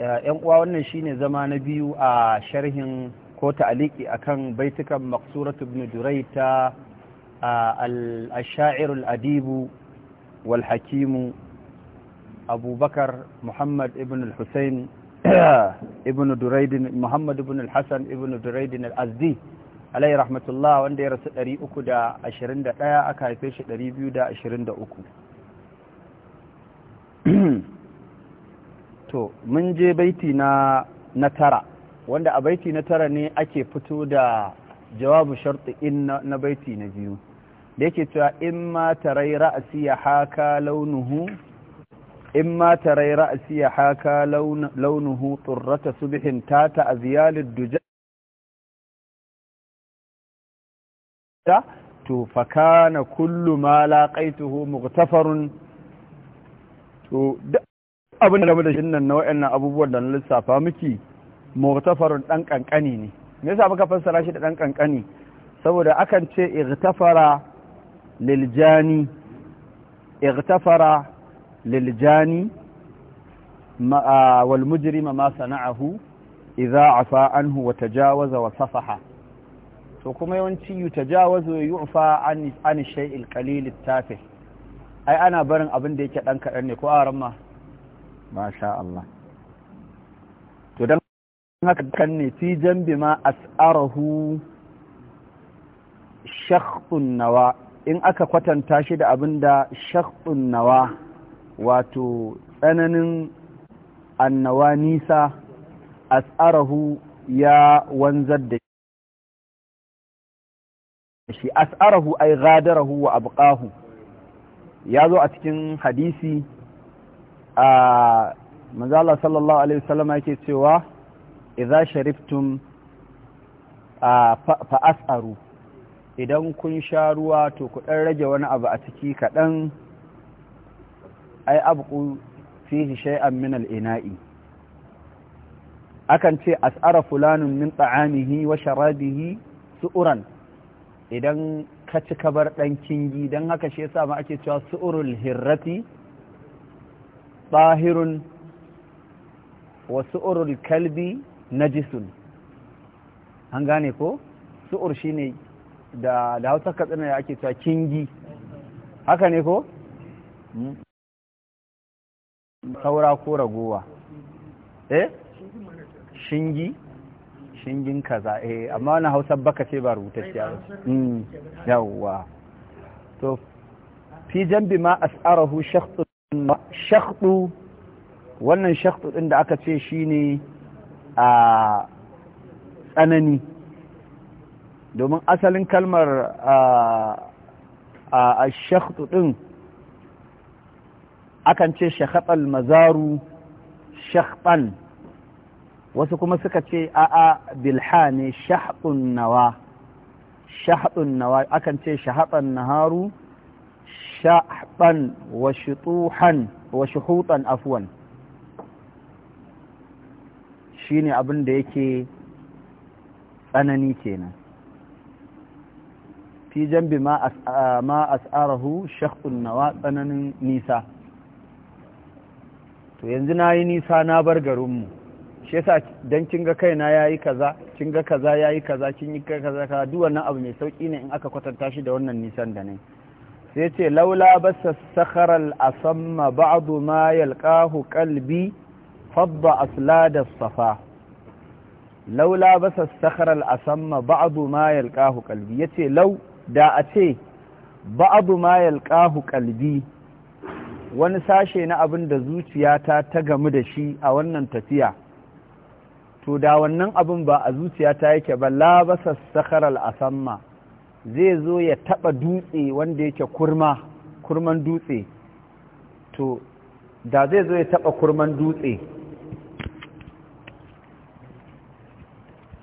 yan uwa wannan shine zama na biyu a sharhin ko ta'aliki akan baitukan maqsurat ibn durai ta al-sha'ir al-adibu wal hakimu abubakar muhammad ibn al-husayn ibn duraidin muhammad ibn al-hasan ibn duraidin al-azdi alayhi rahmatullah wanda ya rasu 321 aka haife shi 223 to mun je baiti na na tara wanda a baiti na tara ne ake fito da jawabu sharti in na baiti na biyu da yake cewa in ma tarai ra'asi ya haka launuhu in ma tarai ra'asi ya haka launuhu turrata subhin tata aziyalid duja to na kullu ma laqaituhu mughtafarun to abin da da shin nan na wa'annan abubuwan da na lissafa miki mu'tafarun dan kankani ne me yasa muka fassara shi da dan kankani saboda akan ce igtafara liljani igtafara liljani wal mujrim ma sana'ahu idza afa anhu wa tajawaza wa safaha to kuma yawanci yutajawazu yu'fa an an shay'il qalil tafih ai ana barin abin da yake dan kadan ne ko a ramma? masha Allah to dan haka kan ne fi jambi ma as'arahu shakhun nawa in aka kwatanta shi da abinda shakhun nawa wato tsananin annawa nisa as'arahu ya wanzar da shi as'arahu ay ghadarahu wa abqahu ya zo a cikin hadisi a manzala sallallahu alaihi wasallam yake cewa idza shariftum fa as'aru idan kun sha ruwa to ku dan rage wani abu a ciki kadan ai abqu fihi shay'an min al-ina'i akan ce as'ara fulanun min ta'amihi wa sharabihi su'uran idan ka ci kabar dan kingi dan haka shi yasa ma ake cewa su'urul hirrati طاهر وسؤر الكلب نجس an gane ko su'ur shine da Hausa katsina da ake cewa kingi haka ne ko saura ko ragowa eh shingi shingin kaza amma wannan Hausa baka ce ba rubutacciya ba yawa to fi jambi ma as'arahu shakhs shakhdu wannan shakhdu ɗin da aka ce shine a tsanani domin asalin kalmar a shakhdu ɗin akan ce shakhatal mazaru shakhtan wasu kuma suka ce a'a bilha ne shahdun nawa akan ce shahatan naharu sha'ban wa shutuhan wa shuhutan afwan shine abin da yake tsanani kenan fi jambi ma as'arahu shakhun nawa tsananin nisa to yanzu na yi nisa na bar garinmu shi yasa don kinga kaina ya yi kaza kinga kaza ya yi kaza kin yi kaza kaza duk abu mai sauƙi ne in aka kwatanta shi da wannan nisan da ne sai ce laula basa sakharal asamma ba'du ma kalbi, qalbi fadda aslada safa laula basa sakharal asamma ba'du ma kalbi, ya ce lau da a ce ba'du ma yalqahu ƙalbi wani sashe na abin da zuciyata ta gamu da shi a wannan tafiya to da wannan abin ba a ta yake ba la basa a asamma zai zo ya taɓa dutse wanda yake kurma kurman dutse to da zai zo ya taɓa kurman dutse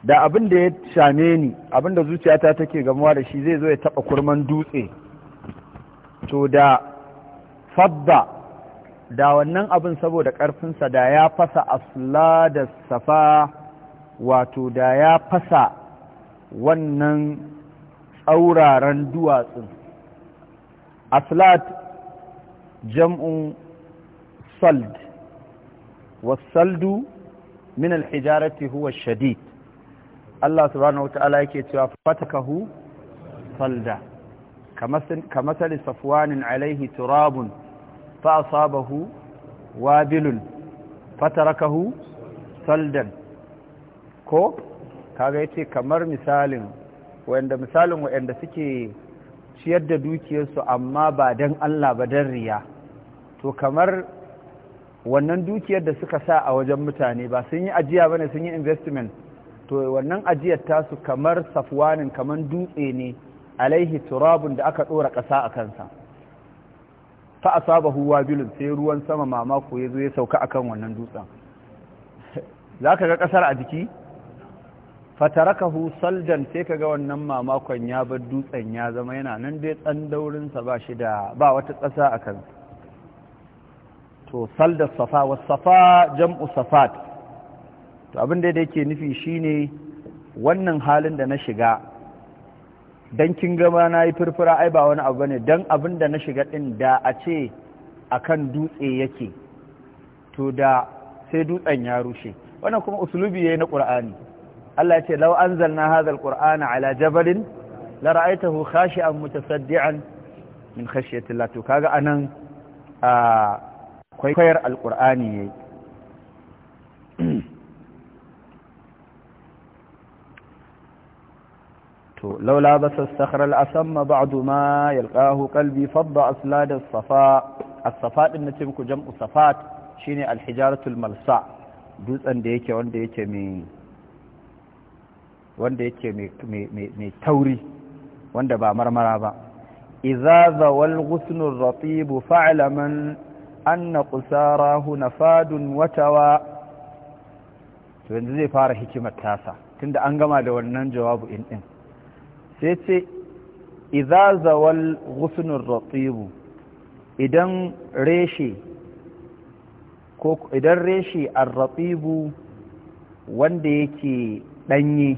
da abin da ya shame ni abin da zuciyata take gamuwa da shi zai zo ya taɓa kurman dutse to da fadda da wannan abin saboda ƙarfinsa da ya fasa asla da safa wato da ya fasa wannan tsauraran duwatsun aslat jam'un sald wasaldu min alhijarati huwa shadid Allah subhanahu wata'ala yake cewa fatakahu salda kamasali safwanin alaihi turabun fa asabahu wabilun fatarakahu saldan ko kaga yace kamar misalin wanda misalin wanda suke ciyar da dukiyarsu amma ba don Allah ba don riya to kamar wannan dukiyar da suka sa a wajen mutane ba sun yi ajiya ba ne sun yi investment to wannan ajiyar tasu kamar safwanin kamar dutse ne alaihi turabun da aka ɗora ƙasa a kansa fa huwa wabilun sai ruwan sama mamako ya zo ya sauka akan wannan dutsen za ka ga ƙasar a jiki fatarakahu saldan sai kaga wannan mamakon ya bar dutsen ya zama yana nan dai tsan daurinsa ba shi da ba wata ƙasa a kan to salda safa was safa jam'u safat to abin da yake nufi shine wannan halin da na shiga dan kin gama na yi furfura ai ba wani abu bane dan abin da na shiga din da a ce akan dutse yake to da sai dutsen ya rushe wannan kuma usulubi yayi na qur'ani Allah ya ce law anzalna hadha alqur'ana ala jabalin la ra'aytahu khashi'an mutasaddian min khashyati Allah kaga anan a kwaikwayar to laula basa sakhar al-asamma ba'du ma yalqahu qalbi fadda aslad as-safa as-safa din shine al malsa dutsen da yake wanda yake mai wanda yake mai tauri wanda ba marmara ba idza zawal ghusnur ratib fa'laman anna huna fadun watawa to yanzu zai fara hikimar tasa tunda an gama da wannan jawabu in din sai ce iza zawal gusnun ratibu idan reshe ko idan reshe ar ratibu wanda yake ɗanye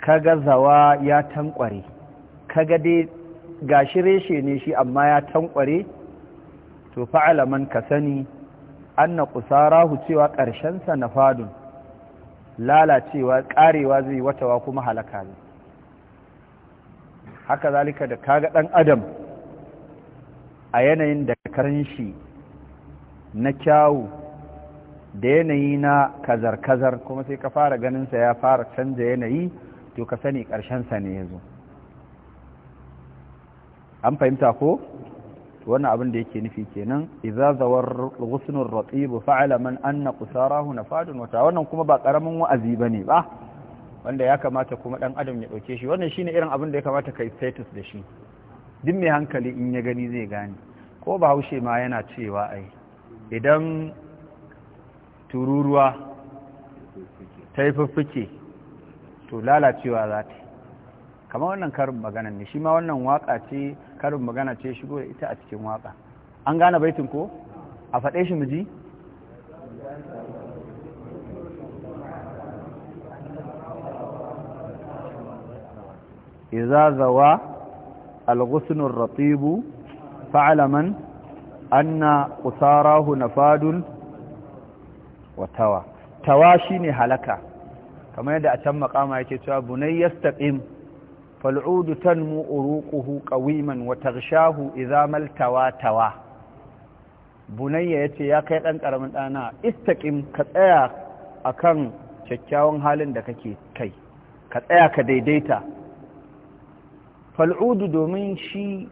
kaga zawa ya tankware kaga dai gashi reshe ne shi amma ya tankware to fa'ala man ka sani anna qusarahu cewa ƙarshen sa fadun lalacewa ƙarewa zai watawa kuma halaka ne haka zalika da kaga ɗan adam a yanayin da karan shi na kyawu da yanayi na kazar-kazar kuma sai ka fara ganinsa ya fara canza yanayi to ka sani ƙarshensa ne ya zo an fahimta ko wannan abin da yake nufi kenan idza zawar ghusnur ratib fa'ala man anna qusarahu nafadun wata wannan kuma ba karamin wa'azi bane ba wanda ya kamata kuma ɗan adam ya ɗauke shi wannan shine irin abin da ya kamata kai status da shi duk mai hankali in ya gani zai gane ko ba haushe ma yana cewa ai idan tururuwa ta yi fuffuke to lalacewa za ta kamar wannan karin magana ne shi ma wannan waka ce karin magana ce shigo da ita a cikin waka an gane baitin ko a faɗe shi miji iza zawa alghusnur ratibu fa'alaman anna qusarahu nafadun watawa tawa shine halaka kamar yadda a can makama yake cewa bunay yastaqim fal'udu tanmu uruquhu qawiman wa taghshahu idza mal tawa tawa bunayya yace ya kai dan karamin dana istaqim ka tsaya akan kyakkyawan halin da kake kai ka tsaya ka daidaita fal'udu domin shi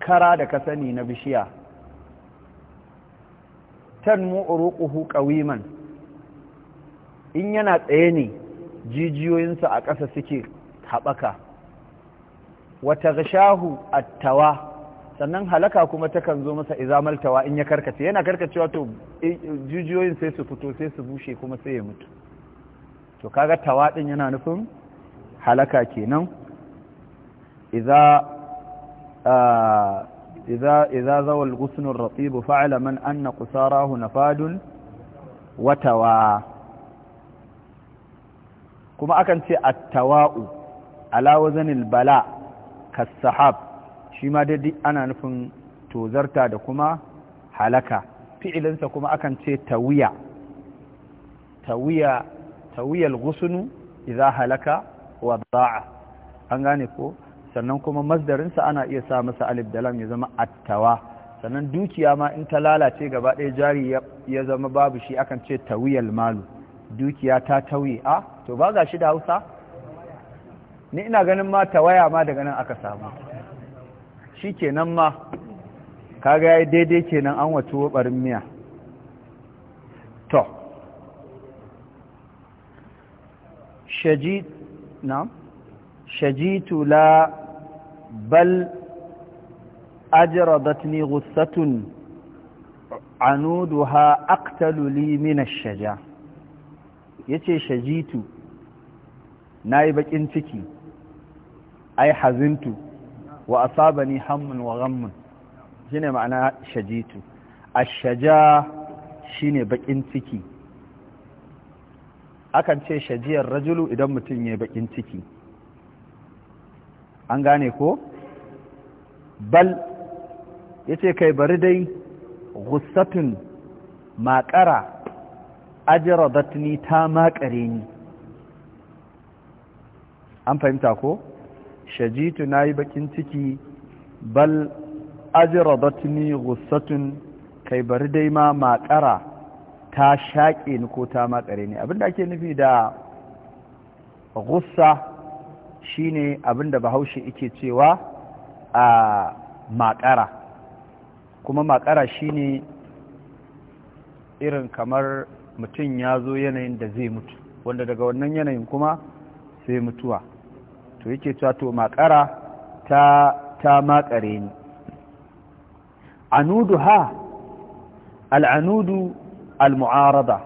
kara da ka sani na bishiya tanmu uruquhu qawiman in yana tsaye ne jijiyoyinsa a ƙasa suke haɓaka wata gashahu attawa sannan halaka kuma takan zo masa izamaltawa in ya karkace yana karkacewa to jijiyoyin sai su fito sai su bushe kuma sai ya mutu to kaga tawa din yana nufin halaka kenan idza ah, إذا, إذا ذوى الغصن الرطيب فعل من أن قصاراه نفاد وتوى كما أكن تي التواء على وزن البلاء كالسحاب شما دي أنا نفن توزرتا دكما halaka fi'ilinsa kuma akan ce tawiya tawiya tawiyal ghusnu idza halaka wa da'a an gane ko sannan kuma masdarinsa ana iya sa masa alif da lam ya zama attawa sannan dukiya ma in ta lalace gaba ɗaya jari ya zama babu shi akan ce tawiyal malu dukiya ta tauye a to ba ga shi da hausa ni ina ganin ma tawaya ma daga nan aka samu shi kenan ma kaga ya daidai kenan an wato barin miya to shajid na shajitu la bal ajradatni ghussatun anuduha aqtalu li min ash yace shajitu nayi bakin ciki ai hazintu wa asabani hammun wa ghammun shine ma'ana shajitu ash-shaja shine bakin ciki akan ce shajiyar rajulu idan mutum ya bakin ciki an gane ko bal yace kai bari dai gusatun maƙara ajradatni ta maƙare ni an fahimta ko shajitu nayi bakin ciki bal ajradatni gusatun kai bari dai ma maƙara ta shaƙe ni ko ta maƙare ni abinda ake nufi da gusa. shine abin da bahaushe yake cewa a makara kuma makara ne irin kamar mutum ya zo yanayin da zai mutu wanda daga wannan yanayin kuma sai mutuwa to yake cewa to makara ta ta makare ni anudu ha al'anudu al-mu'arada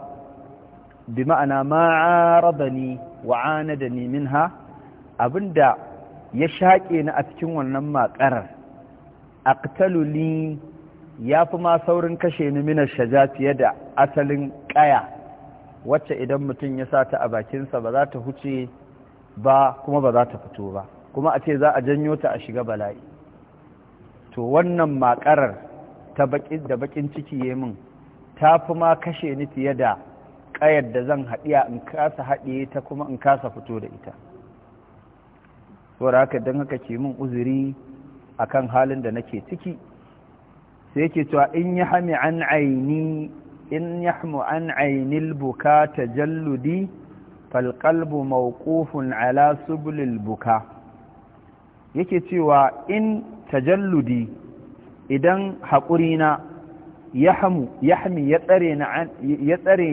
bi ma'ana ma'aradani wa'anadani minha Abin da ya shaƙe ni a cikin wannan maƙarar aqtalu li ya fi ma saurin kashe ni mina shaja fiye da asalin ƙaya wacce idan mutum ya sa ta a bakinsa ba za ta huce ba kuma ba za ta fito ba kuma a ce za a janyo ta a shiga bala'i to wannan maƙarar ta da bakin ciki ya min ta fi ma kashe ni fiye da ƙayar da zan haɗiya in kasa haɗiye ta kuma in kasa fito da ita saboda haka don haka ke min uzuri akan halin da nake ciki sai yake cewa in ya hami an aini in ya hamu an ainil buka tajalludi falqalbu mawqufun ala subulil buka yake cewa in tajalludi idan haƙurina ya hamu ya hami ya tsare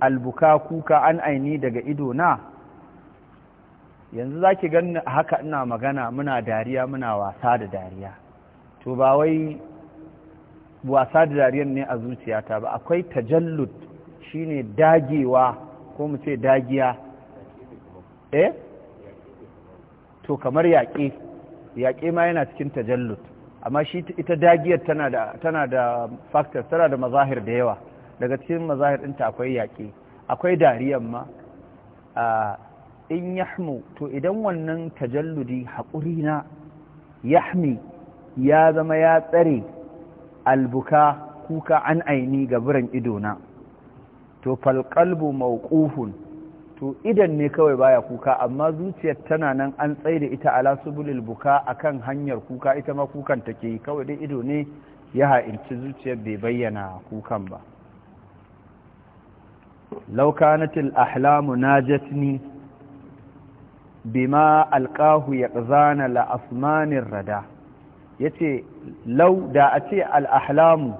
albuka kuka an aini daga idona yanzu za ki gan haka ina magana muna dariya muna wasa da dariya to ba wai wasa da dariyar ne a zuciyata ba akwai tajallud shine dagewa ko mu ce dagiya eh to kamar yaƙe yaƙe ma yana cikin tajallud amma shi ita dagiyar tana da factor tana da mazahir da yawa daga cikin mazahir ɗinta akwai yaƙe akwai dariyar ma ah, in yahmu to idan wannan tajalludi haƙuri na yahmi ya zama ya tsare albuka kuka an aini ga biran idona to falƙalbu mawqufun to idan ne kawai baya kuka amma zuciyar tana nan an tsaida ita ala subulil buka akan hanyar kuka ita ma kukan take kawai dai ido ne ya ha'inci zuciyar bai bayyana kukan ba laukanatil ahlamu najatni bima alƙahu ya ƙazana la'asmanin rada ya ce lau da a ce al'ahlamu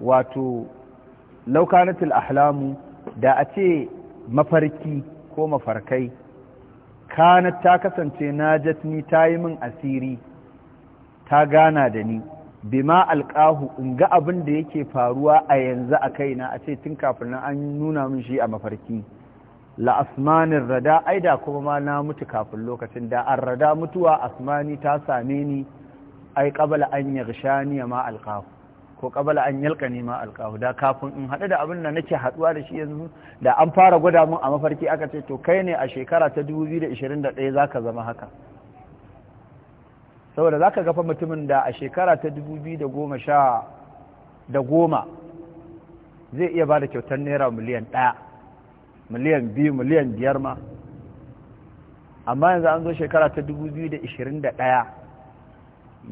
wato laukanatul ahlamu da a ce mafarki ko mafarkai kanat ta kasance najat ni ta yi min asiri ta gana da ni bima alƙahu in ga abin da yake faruwa a yanzu a kaina a ce tun kafin an nuna min shi a mafarki la rada ai da kuma ma na mutu kafin lokacin da an rada mutuwa asmani ta same ni ai qabala an yaghshani ma alqahu ko qabala an yalqani ma alqahu da kafin in hadu da abin da nake haduwa da shi yanzu da an fara gwada mun a mafarki aka ce to kai ne a shekara ta 2021 zaka zama haka saboda zaka ga fa mutumin da a shekara ta 2010 da goma zai iya ba da kyautar naira miliyan ɗaya miliyan biyu miliyan biyar ma amma yanzu an zo shekara ta 2021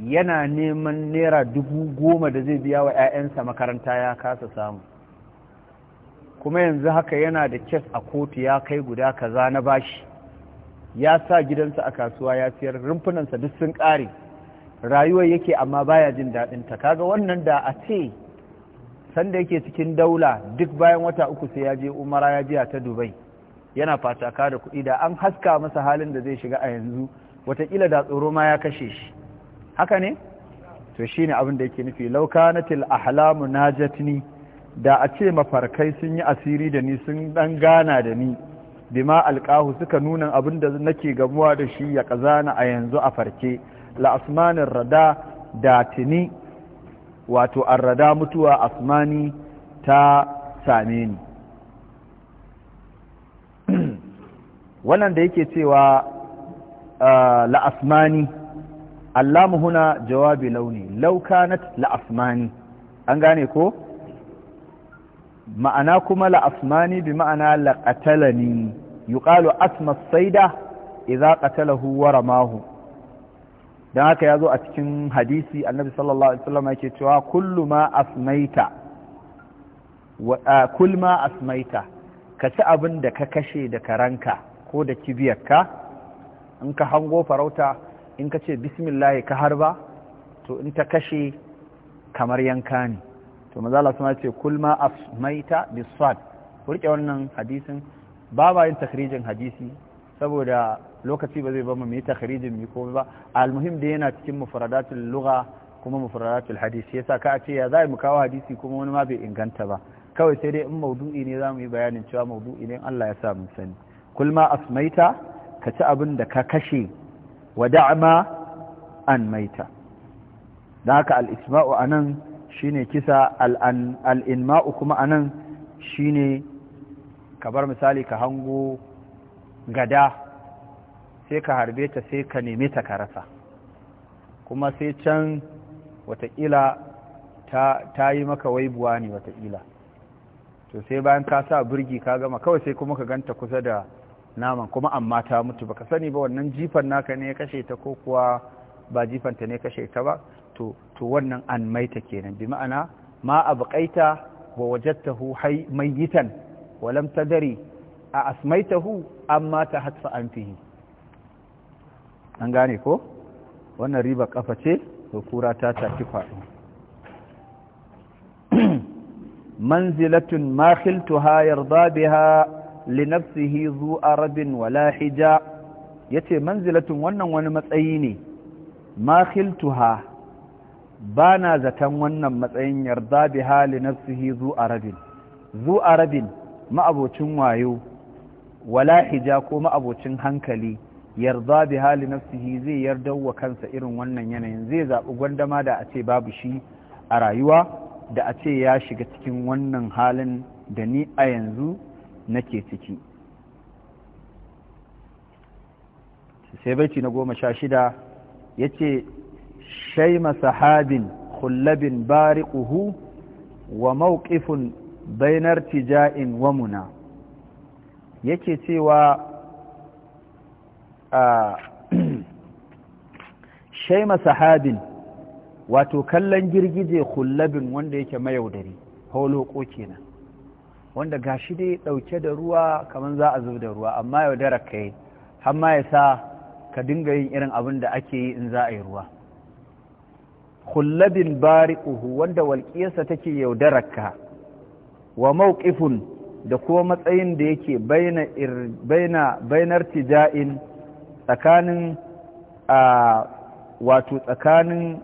yana neman naira dubu goma da zai biya wa 'ya'yansa makaranta ya kasa samu kuma yanzu haka yana da kes a kotu ya kai guda kaza na bashi ya sa gidansa a kasuwa ya siyar rumfunansa duk sun ƙare rayuwar yake amma baya jin daɗinta kaga wannan da a ce sanda yake cikin daula duk bayan wata uku sai ya je umara ya jiya ta dubai yana fataka da kuɗi da an haska masa halin da zai shiga a yanzu watakila da tsoro ma ya kashe shi haka ne to shine abin da yake nufi laukanatil ahlamu jatini da a ce mafarkai sun yi asiri da ni sun dan gana da ni bima alƙahu suka nuna abin da nake gamuwa da shi ya kazana a yanzu a farke la'asmanin rada da tini wato arrada mutuwa asmani ta same ni wannan da yake cewa la asmani allamu huna jawabi launi law kanat la asmani an gane ko ma'ana kuma la asmani bi ma'ana la qatalani yuqalu asma saida, sayda idza qatalahu wa ramahu don haka ya zo a cikin hadisi annabi sallallahu alaihi wasallam yake cewa kullu ma asmaita kul ma asmaita ka ci abin da ka kashe da karanka ko da kibiyarka in ka hango farauta in ka ce bismillah ka harba to in ta kashe kamar yanka ne to maza Allah suna ce kul ma asmaita bisad ku rike wannan hadisin ba ba yin takrijin hadisi saboda lokaci ba zai ba mu yi takhrijin mu komai ba almuhim da yana cikin mufradatul lugha kuma mufradatul hadis yasa ka ce ya zai mu kawo hadisi kuma wani ma bai inganta ba kawai sai dai in maudu'i ne zamu yi bayanin cewa maudu'i ne Allah ya sa mu sani kul asmaita ka ci abin da ka kashe wa da'ama an maita dan haka al isma'u anan shine kisa al an al inma'u kuma anan shine kabar misali ka hango gada sai ka harbe ta sai ka neme ta ka rasa kuma sai can watakila ta yi maka waibuwa ne watakila to sai bayan ka sa birgi ka gama kawai sai kuma ka ganta kusa da naman kuma amma ta mutu baka sani ba wannan jifan naka ne ya kashe ta ko kuwa ba jifanta ne kashe ta ba to wannan an maita kenan bi ma'ana ma abqaita wa wajadtahu hay mayitan walam ta tadri a asmaitahu amma ta hatfa anfihi an gane ko wannan riba kafa ce to kura ta tafi kwaɗo manzilatun ha yarda biha li nafsihi zu arabin wala hija yace manzilatun wannan wani matsayi ne makhiltuha bana zaton wannan matsayin yarda biha li nafsihi zu arabin zu arabin ma'abocin wayo wala hija ko ma'abocin hankali yarda bi hali nafsihi zai yarda wa kansa irin wannan yanayin zai zaɓi gwandama da a ce babu shi a rayuwa da a ce ya shiga cikin wannan halin da ni a yanzu nake ciki sai baiti na goma sha shida ya ce shaima sahabin kullabin bariquhu wa mawqifun bainar tija'in wa muna yake cewa shaima sahabin wato kallon girgije hullabin wanda yake mayaudari ko kenan wanda gashi dai dauke da ruwa kamar za a zo da ruwa amma yaudara kai har ma ya sa ka dinga yin irin abin da ake yi in za a yi ruwa kullabin bari'uhu wanda walƙiyarsa take ka wa mawqifun da kuma matsayin da yake baina bainar tija'in tsakanin a wato tsakanin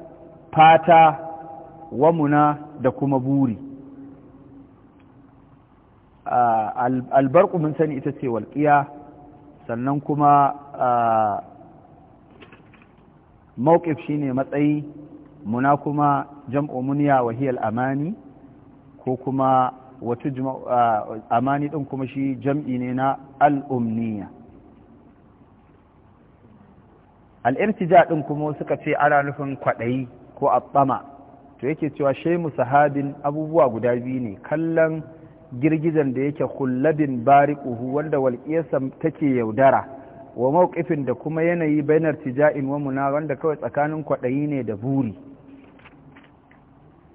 fata wamuna da kuma buri albarku mun sani ita ce walƙiya sannan kuma mawqif shine matsayi muna kuma jam'u muniya wa hiyal amani ko kuma wata amani din kuma shi jam'i ne na al'umniya al'irtija ɗin kuma suka ce ana nufin kwaɗayi ko abama to yake cewa shaimu sahabin abubuwa guda biyu ne kallon girgizan da yake hullabin bariƙuhu wanda walƙiyarsa take yaudara wa mawuƙifin da kuma yanayi bainar tija'in wa muna wanda kawai tsakanin kwaɗayi ne da buri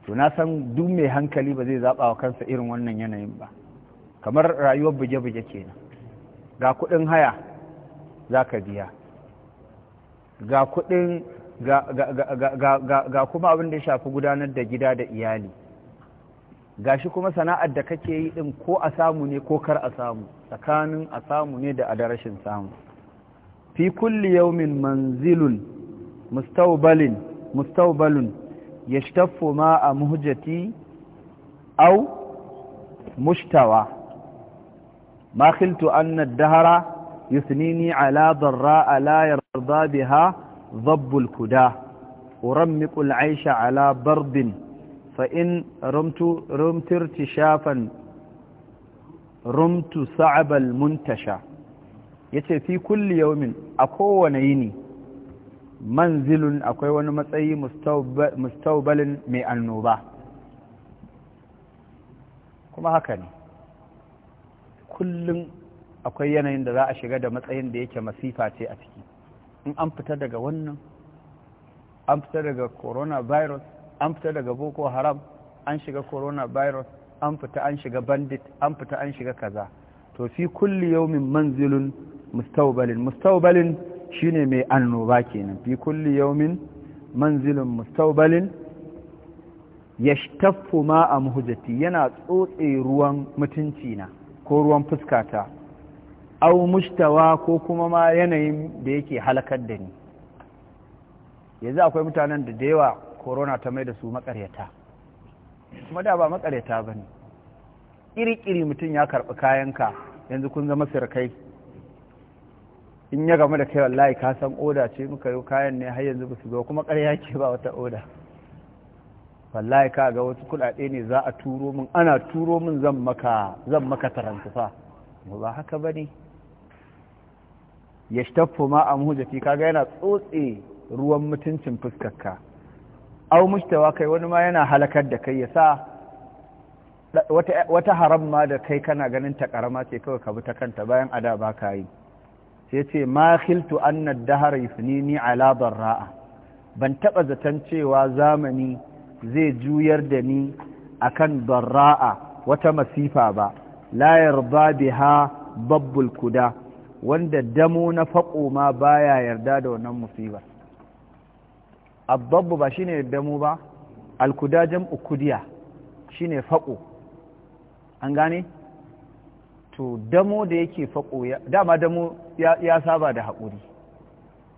to na san duk mai hankali ba zai zaɓa wa kansa irin wannan yanayin ba kamar rayuwar buge-buge kenan ga kuɗin haya za ka biya ga kuɗin ga kuma abin da ya shafi gudanar da gida da iyali ga shi kuma sana'ar da kake yi ɗin ko a samu ne ko kar a samu tsakanin a samu ne da a rashin samu fi kulli yaumin manzilun mustaubalin mustaubalun yashtaffu ma a muhjati au mushtawa ma khiltu anna dahara yusnini ala ala ضابها ضب الكدا أرمق العيش على برد فإن رمت, رمت ارتشافا رمت صعب المنتشى yace fi kulli yawmin a kowane yini manzilun akwai wani matsayi mustaubalin mai annoba kuma haka ne kullum akwai yanayin da za a shiga da matsayin da yake masifa ce a ciki in an fita daga wannan an fita daga coronavirus an fita daga boko haram an shiga coronavirus an fita an shiga bandit an fita an shiga kaza to fi kulli yawmin manzilun mustawbalin mustawbalin shine mai annoba kenan fi kulli yawmin manzilun mustawbalin yashtaffu a muhjati yana tsotse ruwan mutunci na ko ruwan fuskata au mustawa ko kuma ma yanayin da yake halakar da ni yanzu akwai mutanen da da yawa korona ta mai da su makaryata kuma da ba makaryata ba ne ƙiri mutum ya karɓi kayanka yanzu kun zama sirkai in ya gama da kai wallahi ka san oda ce muka yi kayan ne har yanzu ba su zo kuma ƙarya ke ba wata oda wallahi ka ga wasu kuɗaɗe ne za a turo min ana turo min zan maka zan maka tarantufa ba haka ba ne ya shtaffo ma a muhujati kaga yana tsotse ruwan mutuncin fuskarka au mushtawa kai wani ma yana halakar da kai ya sa wata haram ma da kai kana ganin ta karama ce kawai ka bi ta kanta bayan ada ba ka yi sai ce ma khiltu anna dahar ni ala barra'a ban taba zaton cewa zamani zai juyar da ni akan barra'a wata masifa ba la yarda biha babbul kuda wanda damo na faƙo ma baya yarda da wannan musibar abbabu ba shine damo ba alkudajen ukudiya shine faƙo an gane to damo da yake faƙo dama damo ya saba da haƙuri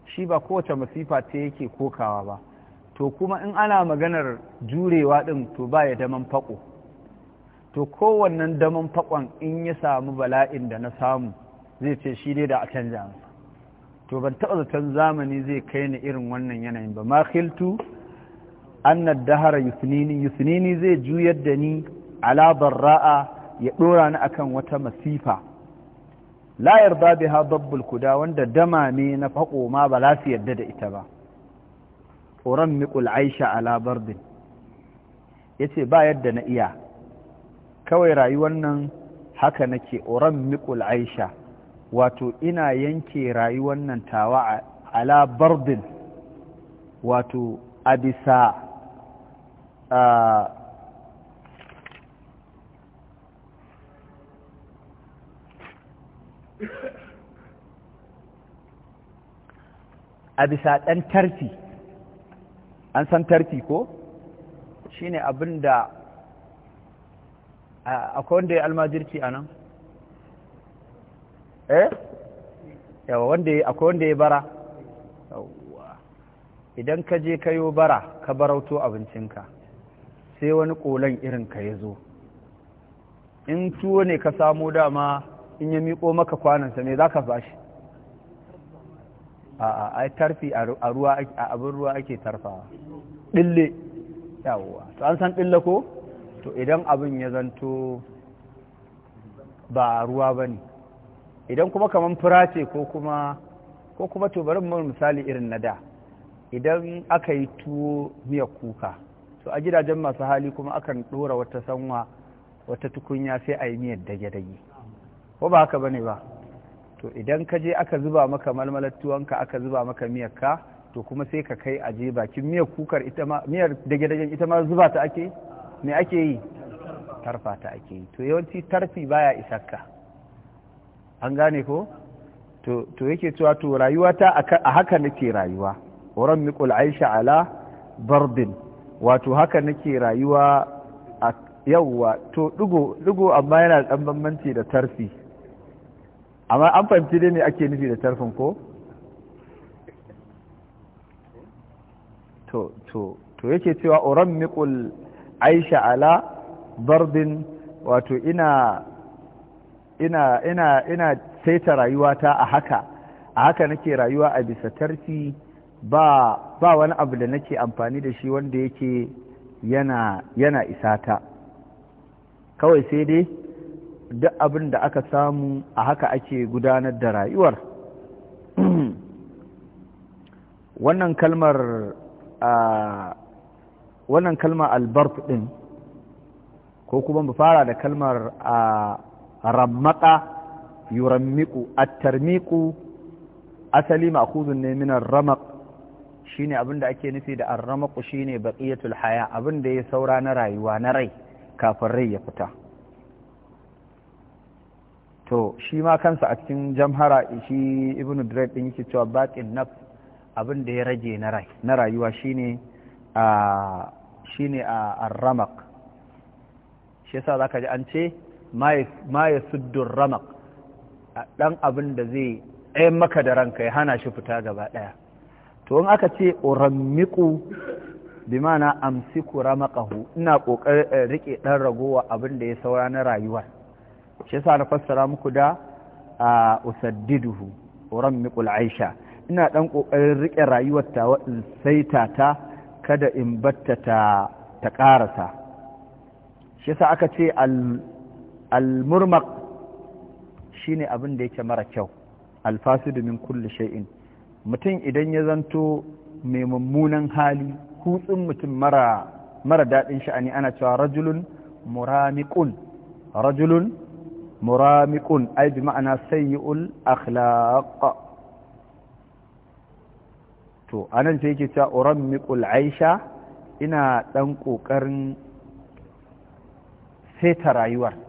shi ba kowace masifa ta yake kokawa ba to kuma in ana maganar jurewa ɗin to ba ya daman faƙo to kowannen daman faƙon in ya samu bala'in da na samu zai ce shi dai da a canja masa to ban taɓa zaton zamani zai kai ni irin wannan yanayin ba ma khiltu na dahara yusunini yusunini zai juyar da ni ala barra'a ya ɗora ni akan wata masifa Layar yarda ha babbul kuda wanda dama ne na faƙo ma ba za su yadda da ita ba ƙoran miƙul aisha labarbin Ya ce ba yadda na iya kawai rayuwar nan haka nake ƙoran miƙul aisha wato ina yanke rayuwar nan tawa ala bardin wato a bisa a bisa ɗan tarfi an san tarfi ko shine abin da akwai wanda ya almajirci a nan eh yawa wanda akwai wanda ya bara yawa idan ka je kayo bara ka barauto abincinka sai wani kolan irin ka ya zo in tuwo ne ka samu dama in ya miƙo maka kwanansa ne, za ka bashi a tarfi a ruwa a abin ruwa ake tarfawa dille yawa to an san dille ko to idan abin ya zanto ba ruwa ba ne idan kuma kamar fura ce ko kuma to bari mu misali irin na da idan aka yi tuwo miyar kuka to a gidajen masu hali kuma akan ɗora wata sanwa wata tukunya sai a yi miyar dage-dage ko ba haka bane ba to idan ka je aka zuba maka malmalar tuwonka aka zuba maka miyar ka to kuma sai ka kai aje bakin miyar kukar ita ma miyar dage-dagen ita ma zuba ta ake me ake yi tarfa ta ake yi to yawanci tarfi baya isakka an gane ko to yake cewa to rayuwa ta a haka nake rayuwa wurin mikul aisha ala bardin wato haka nake rayuwa a yauwa to ɗigo amma yana dan bambanci da tarfi amma an fahimci dai ne ake nufi da tarfin ko to to to yake cewa mikul aisha ala bardin wato ina ina ina ina saita rayuwata a haka a haka nake rayuwa a bisa tarfi ba ba wani abu da nake amfani da shi wanda yake yana yana isata kawai sai dai duk abin da aka samu a haka ake gudanar da rayuwar wannan kalmar wannan kalmar din ko kuma mu fara da kalmar rammaka yurammiku attarmiku asali ma'khuzun ne min ramak shine abin da ake nufi da arramaku shine baƙiyatul haya abin da ya saura na rayuwa na rai kafin rai ya fita to shi ma kansa a cikin jamhara shi ibnu direk din yake cewa baƙin nafs abin da ya rage na rai na rayuwa ne a shine a ah, ah, arramak shi yasa zaka ji an ce ma ya suddun ramak ɗan abin da zai ɗayan maka da ranka ya hana shi fita gaba ɗaya to in aka ce urammiku bi mana amsiku ramaqahu ina ƙoƙarin riƙe ɗan ragowa abin da ya saura na rayuwa shi sa na fassara muku da a usaddiduhu urammiqu aisha ina ɗan ƙoƙarin riƙe rayuwar ta in saita ta kada in batta ta ƙarasa shi sa aka ce al al-murmaq shine abin da yake mara kyau alfasidu min kulli shay'in mutum idan ya zanto mai mummunan hali hutsun mutum mara mara daɗin sha'ani ana cewa rajulun muramiqun rajulun muramiqun ai bi ma'ana sayyi'ul akhlaq to anan sai yake cewa urammiqul aisha ina ɗan ƙoƙarin seta rayuwar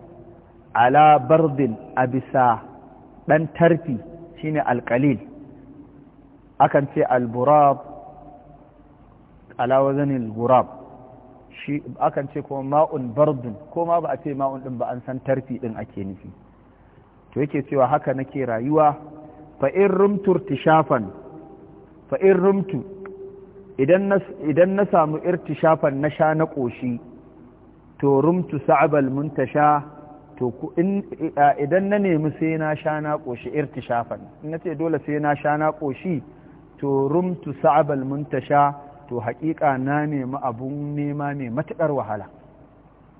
ala bardin a bisa ɗan tarfi shine alƙalil akan ce alburab ala wazanin gurab shi akan ce kuma ma'un bardin ko ma ba a ce ma'un ɗin ba an san tarfi ɗin ake nufi to yake cewa haka nake rayuwa fa'in rumtur tishafan fa'in rumtu idan na samu irtishafan na sha na ƙoshi to rumtu sa'abal muntasha to idan na nemi sai na sha na ƙoshi irtishafan in na ce dole sai na sha na ƙoshi to rumtu sa'abal muntasha to haƙiƙa na nemi abun nema ne matuƙar wahala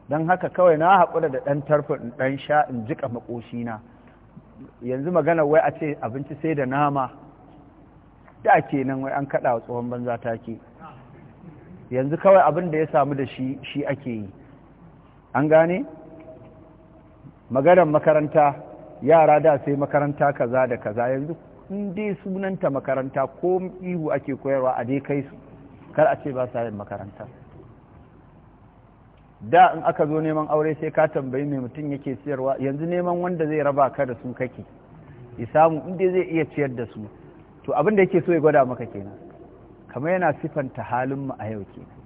don haka kawai na haƙura da ɗan tarfin in ɗan sha in jiƙa na. yanzu magana wai a ce abinci sai da nama da kenan wai an kaɗa wa tsohon banza take yanzu kawai abin da ya samu da shi shi ake yi an gane maganar makaranta yara da sai makaranta kaza da kaza yanzu in sunanta makaranta ko ihu ake koyarwa a dai kai su kar a ce ba sa yin makaranta da in aka zo neman aure sai ka tambayi mai mutum yake siyarwa yanzu neman wanda zai raba ka da su kake ya samu inda zai iya ciyar da su to abin da yake so ya gwada maka kenan kamar yana sifanta halin mu a yau kenan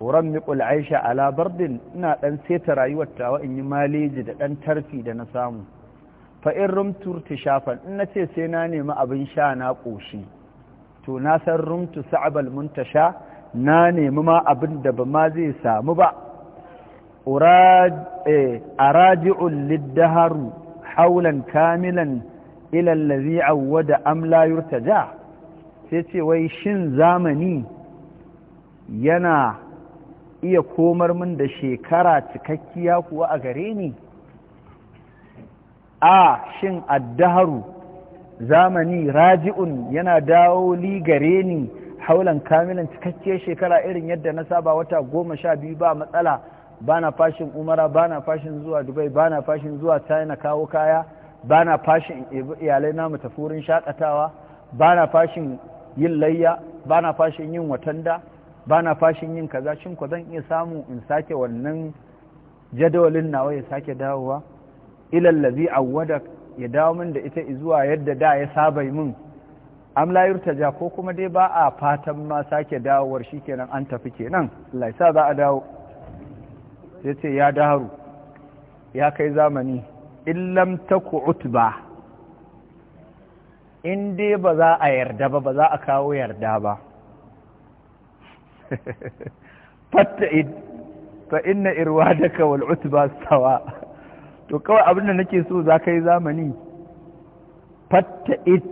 miƙul aisha a Labardin ina ɗan seta rayuwar tawa in yi maleji da ɗan tarfi da na samu fa in rumtu shafan ina ce sai na nemi abin sha na ƙoshi. to na san rumtu sa'bal muntasha na nemi ma abin da ba ma zai samu ba araji'ul liddaharu haulan kamilan ilallazi allazi da am la yurtaja sai ce wai shin zamani yana iya komar min da shekara cikakkiya kuwa a gare ni a shin addaharu zamani raji'un yana dawo li gare ni haulan kamilan cikakkiyar shekara irin yadda na saba wata goma sha biyu ba matsala ba na fashin umara ba na fashin zuwa dubai ba na fashin zuwa china kawo kaya ba na fashin iyalai na mu wurin shakatawa ba na fashin yin layya ba na fashin yin watanda ba na fashin yin kaza shin ko zan iya samu in sake wannan jadawalin nawa ya sake dawowa ilallazi awwada ya dawo min da ita zuwa yadda da ya saba min am la yurtaja ko kuma dai ba a fatan ma sake dawowar shikenan an tafi kenan Allah ya sa za a dawo yace ya daharu ya kai zamani in lam taku utba in dai ba za a yarda ba ba za a kawo yarda ba fatta'id fa inna irwadaka wal utba sawa to kawai abin da nake so za ka yi zamani fatta'id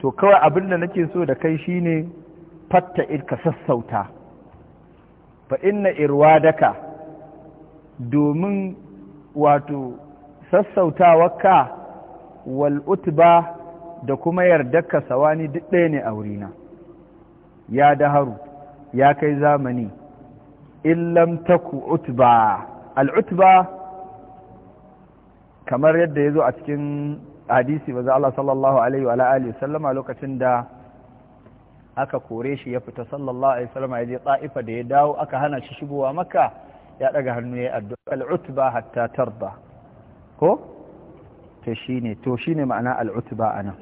to kawai abin da nake so da kai shine fatta'id ka sassauta fa inna irwadaka domin wato sassautawarka wal utba da kuma yardarka sawani duk ɗaya ne a wurina ya daharu ya kai zamani illam taku utba al'utba kamar yadda ya zo a cikin hadisi ba maza Allah sallallahu alaihi wa alihi sallama lokacin da aka kore shi ya fita sallallahu alaihi sallama ya je ta'ifa da ya dawo aka hana shi shigowa maka ya daga hannu ya addu'a al'utba hatta tarda ko to shine to shine ma'ana al'utba anan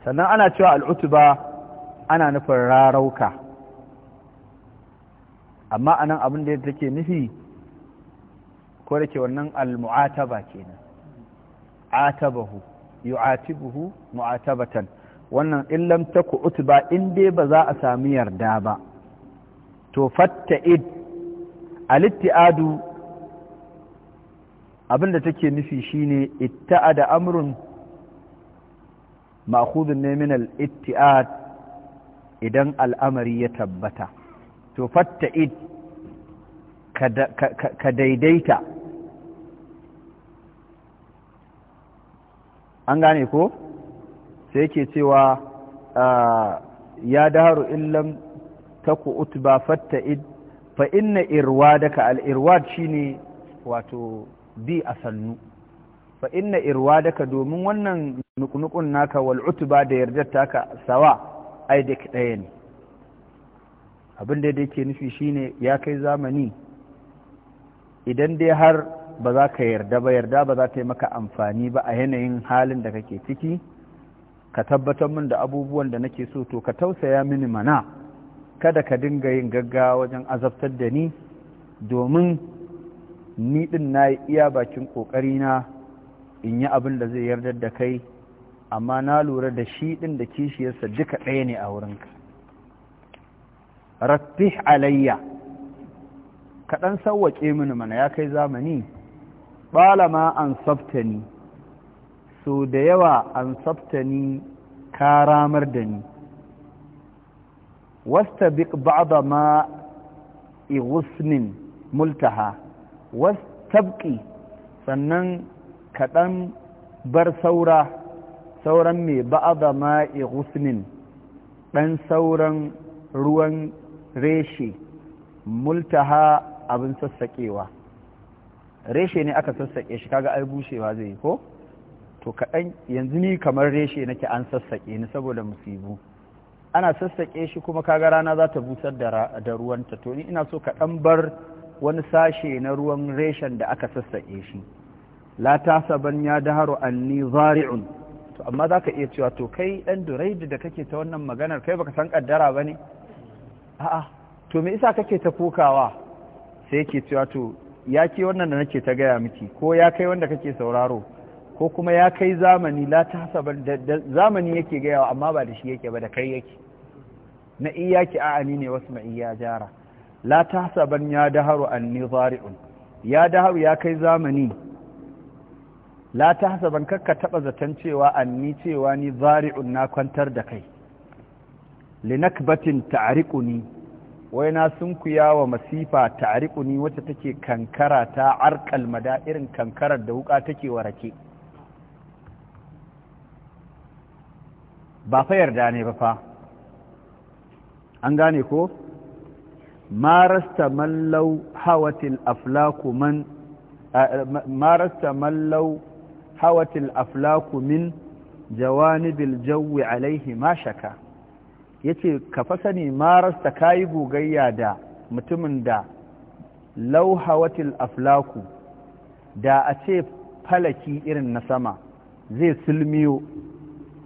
sannan ana cewa al'utba ana nufin rarauka amma anan abin da take nufi ko da ke wannan al-mu'ataba kenan atabahu yu'atibuhu mu'atabatan wannan in lam taku utba in dai ba za a sami yarda ba to fatta'id al-ittiadu abin da take nufi shine itta'ada amrun ma'khudun ne min al-ittiad idan al'amari ya tabbata to fatta id, ka daidaita an gane ko sai ke cewa ah, ya daharu illan ta ku'ut ba id, fa inna irwadaka shi shine wato bi a sannu fa inna daga domin wannan nukunukun naka ba da yardar taka sawa ai duk ɗaya ne abin da ke nufi shine ya kai zamani idan dai har ba za ka yarda ba yarda ba za ta yi maka amfani ba a yanayin halin da kake ciki ka tabbatar min da abubuwan da nake so to ka tausaya mini mana kada ka dinga yin gaggawa wajen azabtar da ni domin ni din na yi iya bakin ƙoƙarina in yi abin da zai yarda da kai amma na lura da shi ɗin da kishiyarsa duka ɗaya ne a wurinka rattih alayya kaɗan sauwaƙe mini mana ya kai zamani ɓalama an saftani so da yawa an saftani ka ramar da ni wasta biƙ ba'da ma igusnin multaha tabki sannan kaɗan bar saura sauran mai ba'adha ma'i ghusnin ɗan sauran ruwan reshe multaha abin sassaƙewa reshe ne aka sassaƙe shi kaga ai bushewa zai yi ko to kaɗan yanzu ni kamar reshe nake an sassaƙe ni saboda musibu ana sassaƙe shi kuma kaga rana za ta busar da ruwanta to ni ina so kaɗan bar wani sashe na ruwan reshen da aka sassaƙe shi la ta saban ya daharo anni zari'un to amma za ka iya cewa to kai ɗan duraidu da kake ta wannan maganar kai baka san ƙaddara ba ne a'a to me isa kake ta kokawa sai yake cewa to ya ke wannan da nake ta gaya miki ko ya kai wanda kake sauraro ko kuma ya kai zamani la ta hasaban da zamani yake gayawa amma ba da shi yake ba da kai yake na iyaki a'ani ne wasu ma iya jara la ta hasaban ya daharu an ni ya daharu ya kai zamani la ta hasaban kakka taɓa zaton cewa anni cewa ni zari'un na kwantar da kai linakbatin ta'riquni wai na sunkuya wa masifa ta'riquni wacce take kankara ta arkal mada irin kankarar da wuka take warake ba fa yarda ne ba fa an gane ko marasta mallau hawatil aflaku marasta mallau hawatil aflaku min jawanibil jawwi alaihi ma shaka yace ka fa sani marasta kayi gogayya da mutumin da law aflaku da a ce falaki irin na sama zai sulmiyo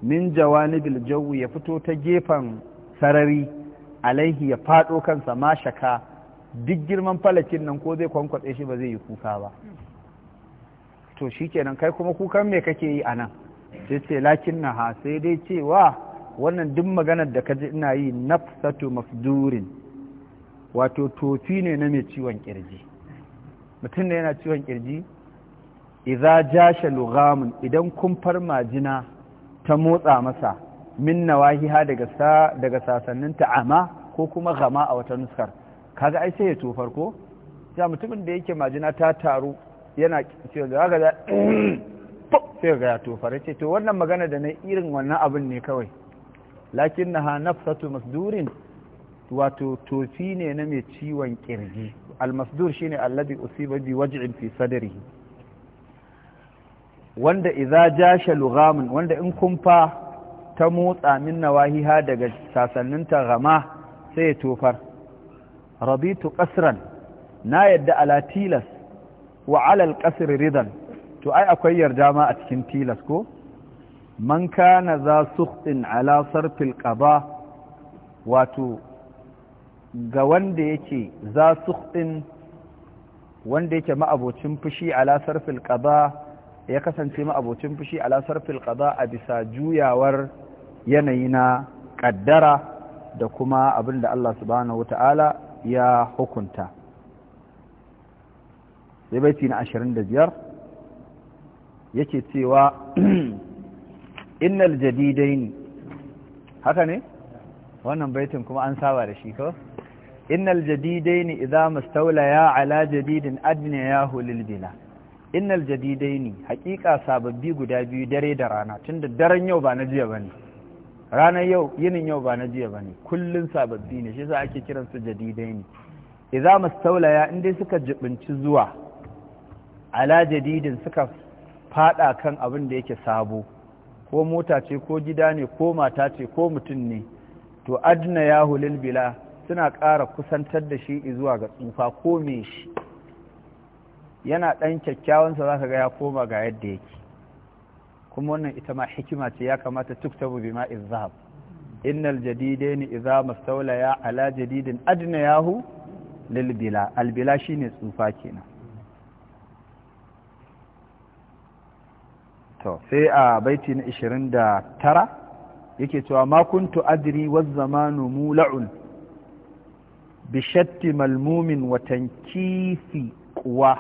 min jawanibil jawwi ya fito ta gefen sarari alaihi ya faɗo kansa ma shaka duk girman falakin nan ko zai kwankwatse shi ba zai yi kuka ba to shikenan kai kuma kukan me kake yi anan sai ce lakin na ha sai dai cewa wannan duk maganar da kaji ina yi nafsatu mafdurin wato tofi ne na mai ciwon kirji mutum ne yana ciwon kirji idza jasha lughamun idan kumfar majina ta motsa masa min nawahiha daga sa daga sasannin ta'ama ko kuma gama a wata nuskar kaga ai sai ya tofar ko ya mutumin da yake majina ta taru yana cewa da da sai ga ya tofare ce to wannan magana da na irin wannan abin ne kawai lakin na ha nafsatu masdurin wato tofi ne na mai ciwon kirji almasdur shine alladi usiba bi waj'in fi sadrihi wanda idza jasha lughamun wanda in kumfa ta motsa min nawahiha daga sasannin ta gama sai ya tofar rabitu qasran na yadda ala tilas wa alal qasr ridan to ai akwai yarda ma a cikin tilas ko man kana za suhtin ala sarfil qada wato ga wanda yake za suhtin wanda yake ma'abocin fushi ala sarfil qada ya kasance ma'abocin fushi ala sarfil qada a bisa juyawar yanayi na ƙaddara da kuma abin da Allah subhanahu wata'ala ya hukunta sai baiti na ashirin da biyar yake cewa innal jadidain haka ne wannan baitin kuma an saba da shi ko innal jadidain idza mastawlaya ala jadidin adniyahu lil Inal innal ne hakika sababbi guda biyu dare da rana tunda daren yau ba na jiya bane ranar yau yinin yau ba na jiya bane kullun sababbi ne shi yasa ake kiran ne. jadidaini idza mastawlaya in dai suka jibinci zuwa ala jadidin suka fada kan abin da yake sabo ko mota ce ko gida ne ko mata ce ko mutum ne to adna ya hulil bila suna ƙara kusantar da shi zuwa ga tsufa ko me shi yana ɗan kyakkyawansa za ka ga ya koma ga yadda yake kuma wannan ita ma hikima ce ya kamata tuktabu bima izhab innal jadidaini idza mastawla ya ala jadidin adna yahu lil bila al bila shine tsufa kenan to sai a baiti na 29 yake cewa ma kuntu adri waz zamanu mula'un bi shatti malmumin wa tankifi kuwa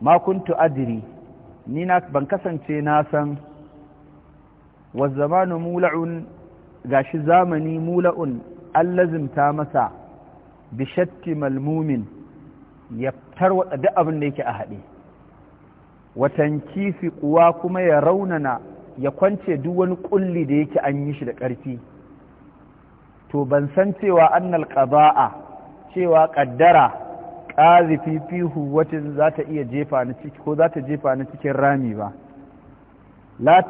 ma kuntu adri ni na ban kasance na san waz zamanu mula'un gashi zamani mula'un allazimta masa bi shatti malmumin ya tarwada duk abin da yake a haɗe watan kifi kuwa kuma ya raunana ya kwance duk wani kulli da yake an yi shi da ƙarfi to ban san cewa annal qada'a cewa kaddara qazifi fi huwatin za ta iya jefa ni ciki ko za ta jefa ni cikin rami ba la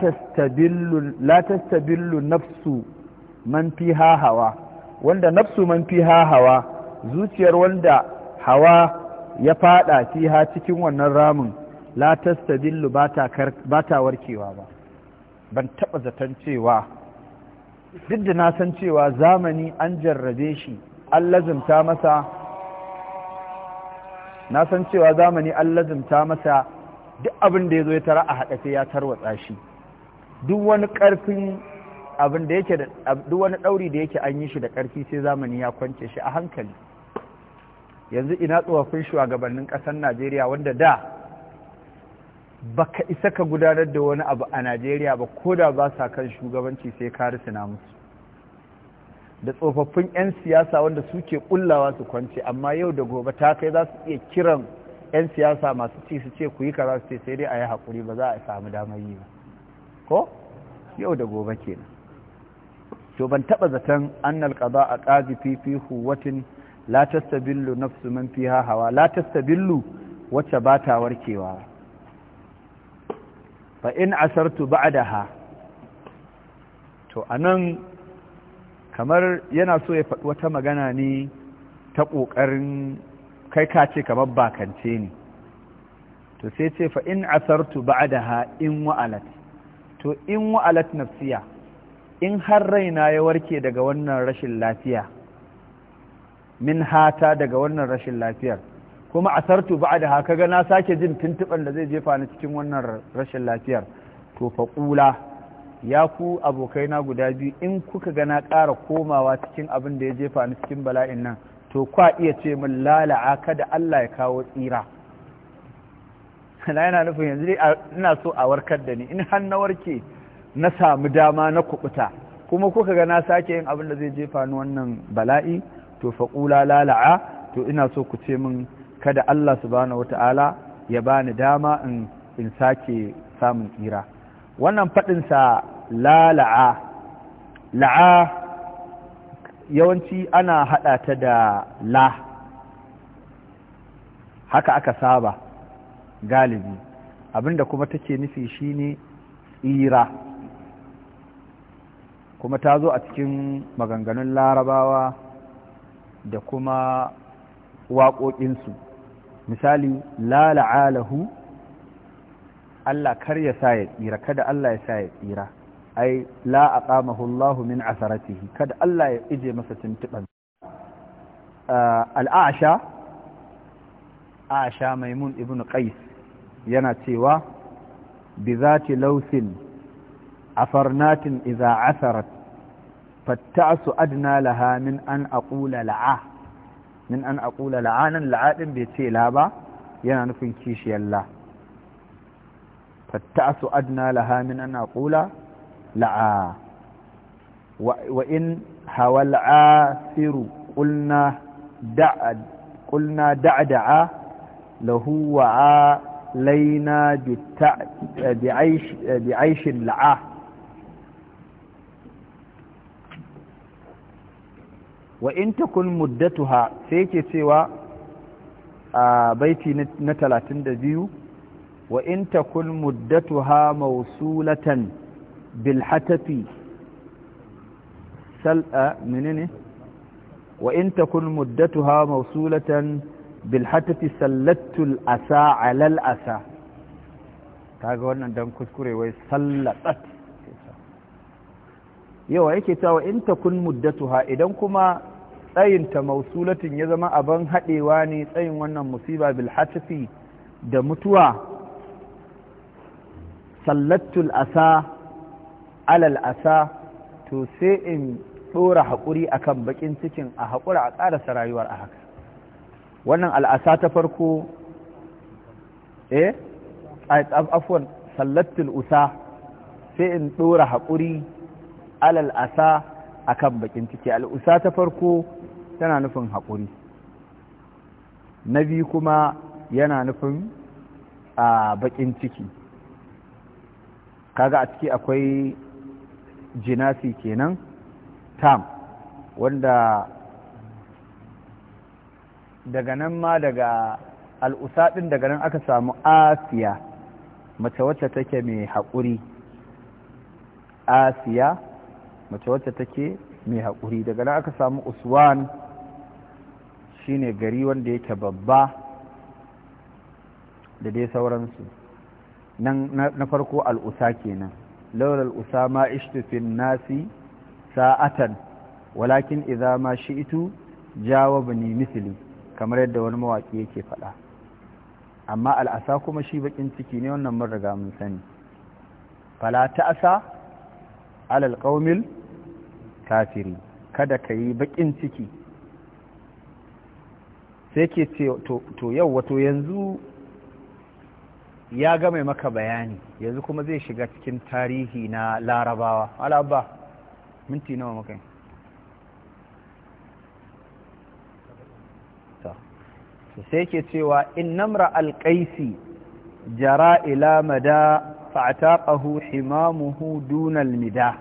tastabillu la nafsu man fiha hawa wanda nafsu man fiha hawa zuciyar wanda hawa ya fada fiha cikin wannan ramin la tastadillu ba ta warkewa ba ban taɓa zaton cewa duk da na san cewa zamani an jarrabe shi an lazimta masa na san cewa zamani an lazimta masa duk abin da ya zo ya tara a haɗafe ya tarwatsa shi duk wani ƙarfin abin da yake duk wani ɗauri da yake an yi shi da ƙarfi sai zamani ya kwance shi a hankali yanzu ina tsofaffin shugabannin ƙasar najeriya wanda da Ba ka isa ka gudanar da wani abu a najeriya ba ko da ba sa kan shugabanci sai ka risina musu da tsofaffin 'yan siyasa wanda suke kullawa su kwance amma yau da gobe ta kai za su iya kiran 'yan siyasa masu ci su ce ku yi kaza su ce sai dai a yi haƙuri ba za a samu damar yi ba ko yau da gobe kenan to ban taɓa zaton an qada a ƙazi fifi huwatin la tastabillu nafsu man hawa la tastabillu wacce ba ta warkewa fa in asartu ba'daha to anan kamar yana so ya faɗi wata magana ne ta ƙoƙarin kai ka ce kamar bakance ne to sai ce fa in asartu ba'daha in wa'alat to in wa'alat nafsiya in har raina ya warke daga wannan rashin lafiya min hata daga wannan rashin lafiyar kuma a sartu ba da haka ga na sake jin tuntuɓar da zai jefa ni cikin wannan rashin lafiyar to faƙula ya ku abokaina guda biyu in kuka gana na ƙara komawa cikin abin da ya jefa ni cikin bala'in nan to kwa iya ce min lala'a kada Allah ya kawo tsira yana nufin yanzu dai ina so a warkar da ni in har na warke na samu dama na kuɓuta kuma kuka ga na sake yin abin da zai jefa ni wannan bala'i to faƙula lala'a to ina so ku ce min kada Allah subhanahu wata'ala ya bani dama in sake samun tsira wannan faɗinsa lala'a la'a yawanci ana haɗa ta da la haka aka saba galibi abinda kuma take nufi shine tsira kuma ta zo a cikin maganganun larabawa da kuma waƙoƙinsu misali lala'alahu Allah kar ya sa ya tsira kada Allah ya sa ya tsira ai la aqamahu Allahu min asaratihi kada Allah ya ije masa tuntuban al'asha asha maimun ibn qais yana cewa bi zati lawsin afarnatin idza asarat fatta'su adna laha min an aqula la'a من أن أقول لعانا لعائن بيتي لابا ينانفن كيشي الله فالتأس أدنى لها من أن أقول لعا وإن هو العاثر قلنا دعد قلنا دعدعا لهو عا لينا بعيش بعيش لعا wa in ta kun muddatu ha sai yake cewa a baiti na talatin da biyu wa in ta kun muddatu ha mausulatan bilhatafi hatafi sal'a menene wa in ta kun muddatu ha mausulatan bilhatafi hatafi sallatul asa alal asa ta ga wannan don kuskure wai sallatat yawa yake cewa in ta kun muddatu ha idan kuma tsayinta mausulatin ya zama abin haɗewa ne tsayin wannan musiba bilhatifi da mutuwa sallatul asa alal asa to sai in ɗora haƙuri akan baƙin cikin a haƙura a ƙarasa rayuwar a haka wannan al'asa ta farko eh afwan sallatul usa sai in ɗora haƙuri alal asa akan baƙin ciki al'usa ta farko tana nufin haƙuri na biyu kuma yana nufin a baƙin ciki kaga a ciki akwai jinasi kenan tam wanda daga nan ma daga al'usa ɗin daga nan aka samu asiya mace wacce take mai haƙuri asiya mace wacce take mai haƙuri daga nan aka samu usuwan shine gari wanda yake babba da dai sauransu na farko al'usa kenan laura al'usa ma ishtufin nasi sa'atan walakin izama ma shi'tu jawabni misli kamar yadda wani mawaƙi yake faɗa amma al'asa kuma shi baƙin ciki ne wannan marraga mun sani fala ta'asa alal qaumil kafiri kada ka yi bakin ciki sai ke ce to yau wato yanzu ya ga maka bayani yanzu kuma zai shiga cikin tarihi na larabawa alabba minti nawa maka yi sai ke cewa in namra alƙaisi jara ila mada fa'ataƙahu himamuhu dunal mida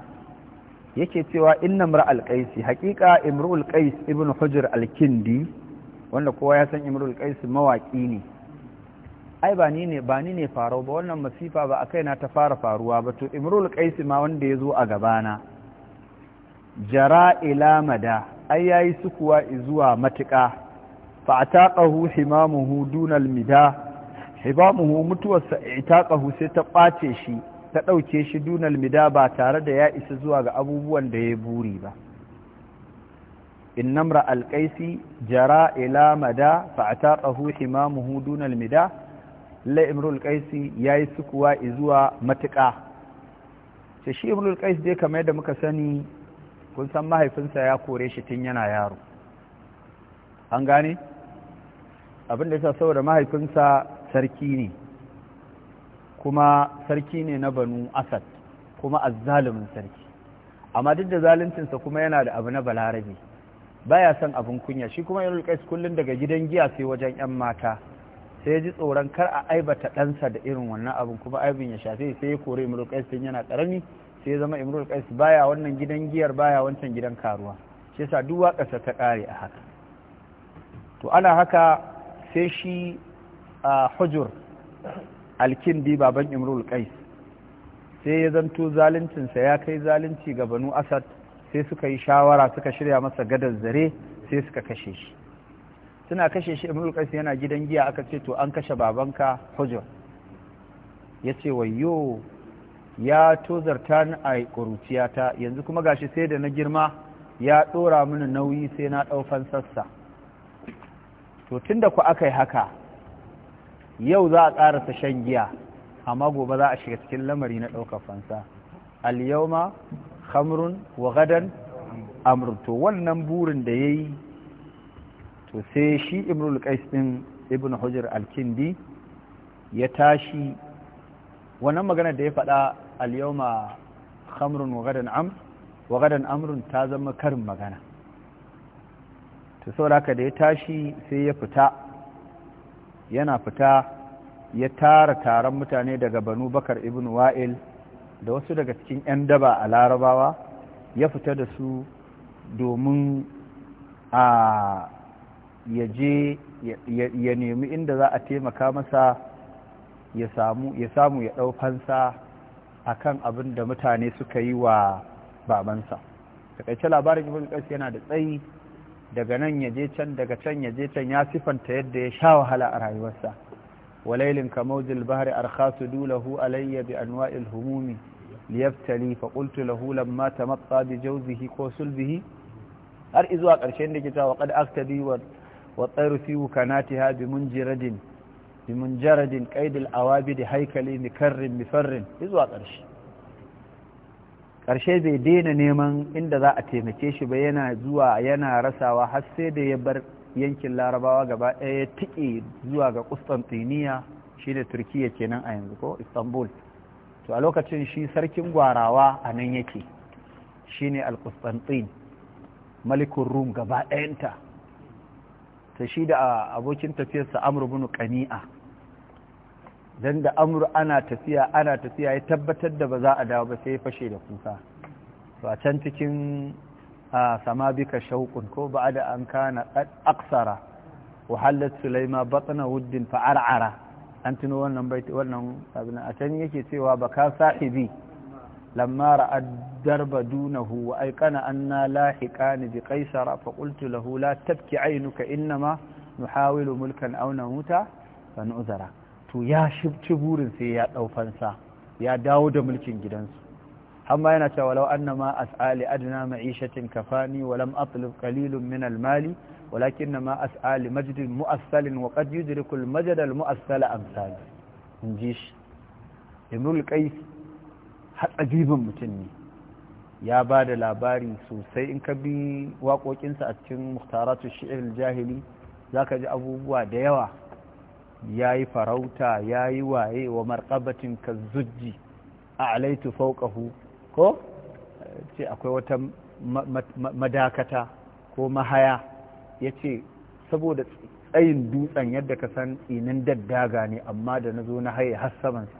yake cewa in namra alƙaisi haƙiƙa imru alƙais ibn hujjar alkindi wanda kowa ya san imrul qais mawaki ne ai ba ni ne ba ni ne farau ba wannan masifa ba a kaina ta fara faruwa ba to imrul qais ma wanda yazo a gabana jara ila mada ai yayi sukuwa izuwa matuƙa fa ataqahu himamuhu dunal mida himamuhu mutuwarsa itaqahu sai ta ɓace shi ta ɗauke shi dunal mida ba tare da ya isa zuwa ga abubuwan da ya buri ba إن امرأ القيس جرى إلى مدى فاعتاقه حمامه دون المدى لا امرؤ القيس ياي سكوا إزوا متقا shi imrul qais dai kamar yadda muka sani kun san mahaifinsa ya kore shi tun yana yaro an gane abin da yasa saboda mahaifinsa sarki ne kuma sarki ne na banu asad kuma azzalumin sarki amma duk da zaluncinsa kuma yana da abu na balarabe baya son abin kunya shi kuma yanul qais kullum daga gidan giya sai wajen yan mata sai ya ji tsoron kar a aibata ɗansa da irin wannan abin kuma aibin ya shafe sai ya kori imrul qais tun yana karami sai ya zama imrul qais baya wannan gidan giyar baya wancan gidan karuwa shi yasa duk sa ta kare a haka to ana haka sai shi a hujur alkindi baban imrul qais sai ya zanto zaluncinsa ya kai zalunci ga banu asad sai suka yi shawara suka shirya masa gadar zare sai suka kashe shi suna kashe shi ibn qais yana gidan giya aka ce to an kashe babanka hujjar ya ce wayo ya tozarta ni a ƙuruciyata yanzu kuma gashi sai da na girma ya ɗora mini nauyi sai na ɗaufan sassa to tun da ku aka yi haka yau za a ƙarasa shan giya amma gobe za a shiga cikin lamari na ɗaukar fansa al ma. Khamrun wa gadan amurto wannan burin da ya yi to sai shi imrul qais din ibn al kindi ya tashi wannan magana da ya faɗa al-yawma khamrun wa gadan amr wa gadan amrun ta zama karin magana to saboda da ya tashi sai ya fita yana fita ya tara taron mutane daga banu bakar ibn wa'il da wasu daga cikin 'yan daba a larabawa ya fita da su domin a ya ya nemi inda za a taimaka masa ya samu ya ɗau fansa a kan abin da mutane suka yi wa babansa takaice labarin ibn qais yana da tsayi daga nan ya can daga can ya je can ya sifanta yadda ya sha wahala a rayuwarsa وليل كموج البحر أرخاص دوله علي بأنواع الهموم ليبتلي فقلت له لما تمطى بجوزه كوسلبه أرئزوا قرشين لكتا وقد أكتبي والطير في وكناتها بمنجرد بمنجرد قيد الأوابد هيكلي مكر مفر إزوا قرش ƙarshe bai daina neman inda za a taimake shi ba yana zuwa yana rasawa har sai da ya bar yankin larabawa gaba ɗaya ya tike zuwa ga ƙustantiniya shi ne turkiya kenan a yanzu ko istanbul to a lokacin shi sarkin gwarawa a nan yake shi ne al malikun rum gaba ɗayanta ta shi da abokin tafiyarsa amur bin ƙani'a don da amur ana tafiya ana tafiya ya tabbatar da ba za a dawo ba sai ya fashe da kusa to a can cikin a sama bika shauƙun ko ba da an kana aksara wahallat sulaima batsana wuddin fa'ar'ara an tuno wannan baiti wannan abin a can yake cewa ba ka sahibi lamma a darba dunahu wa aikana anna lahiqani bi qaisara fa qultu lahu la tabki ma innama nuhawilu mulkan auna wuta fa nu'zara to ya shibci burin sai ya ɗaufansa ya dawo da mulkin gidansu amma yana cewa walau annama as'ali adna ma'ishatin kafani wa lam atlub qalilun min al-mali walakin ma as'ali majdin mu'assalin wa qad yudriku al-majd al-mu'assal amsal injish ibnul qais hatsajibin mutum ne ya ba da labari sosai in ka bi waƙoƙinsa a cikin muhtaratu shi'ir jahili za ka ji abubuwa da yawa ya yi farauta ya yi waye wa marƙabatin ka a alaitu fauƙahu ko ce akwai wata madakata ko mahaya ya ce saboda tsayin dutsen yadda ka san tsinin daddaga ne amma da na zo na haye har samansa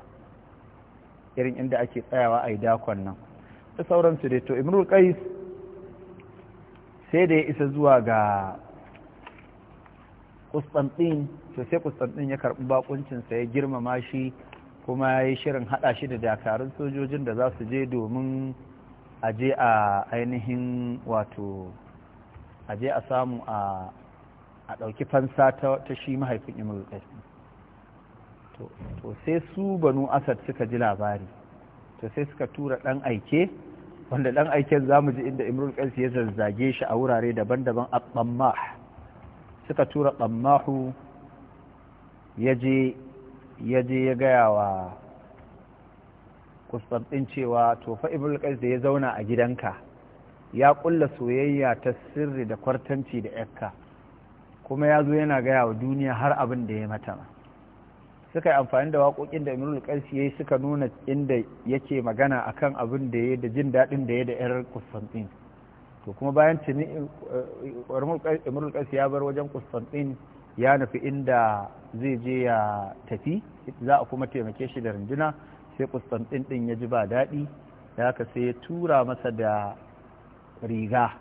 irin inda ake tsayawa a yi dakon nan da sauransu dai to imrul qais sai da ya isa zuwa ga Kustantin to sai Kustantin ya karɓi bakuncinsa ya girmama shi kuma ya yi shirin haɗa shi da dakarun sojojin da za su je domin aje a ainihin wato aje a samu a ɗauki fansa ta shi mahaifin imar to sai su banu asad suka ji labari to sai suka tura ɗan aike wanda ɗan aiken za mu ji inda imrul qais ya zazzage shi a wurare daban-daban a ɓamma suka tura ɓammahu ya je ya je ya gaya wa kusurɗin cewa tofa ibn qais da ya zauna a gidanka ya ƙulla soyayya ta sirri da kwartanci da yakka kuma ya zo yana gaya wa duniya har abin da ya mata suka yi amfani da waƙoƙin da imrul qais yi suka nuna inda yake magana akan abin da ya da jin daɗin da ya da yar kusurɗin to kuma bayan tuni eh, qais ya bar wajen kusurɗin ya nufi inda zai je ya tafi za a kuma taimake shi da runduna sai kustantin din ya ji ba daɗi da haka sai ya tura masa da riga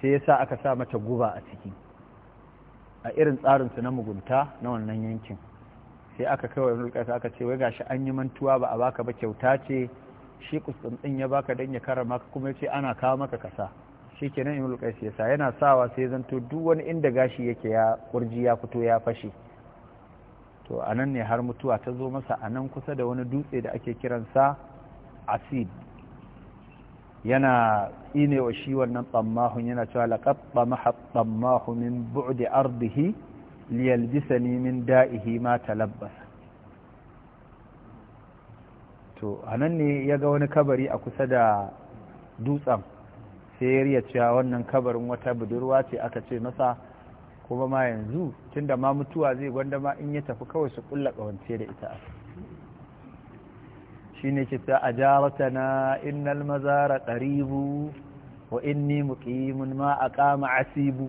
sai ya sa aka sa mata guba a ciki a irin tsarinsu na mugunta na wannan yankin sai aka kai wa ibn aka ce wai gashi an yi mantuwa ba a baka ba kyauta ce shi kustantin ya baka dan ya karama kuma ya ce ana kawo maka kasa shi kenan imul qais ya sa yana sawa sai zanto duk wani inda gashi yake ya kurji ya fito ya fashe to anan ne har mutuwa ta zo masa anan kusa da wani dutse da ake kiransa asid yana tsinewa wa shi wannan tsammahun yana cewa laqad tsamaha tsammahu min bu'di ardihi liyalbisani min da'ihi ma talabbasa to anan ne ya ga wani kabari a kusa da dutsen sai ya riya cewa wannan kabarin wata budurwa ce aka ce masa kuma ma yanzu tunda ma mutuwa zai gwanda ma in ya tafi kawai su kulla kawance da ita shi ne ke ta na innal mazara karibu wa inni muqimun ma a kama asibu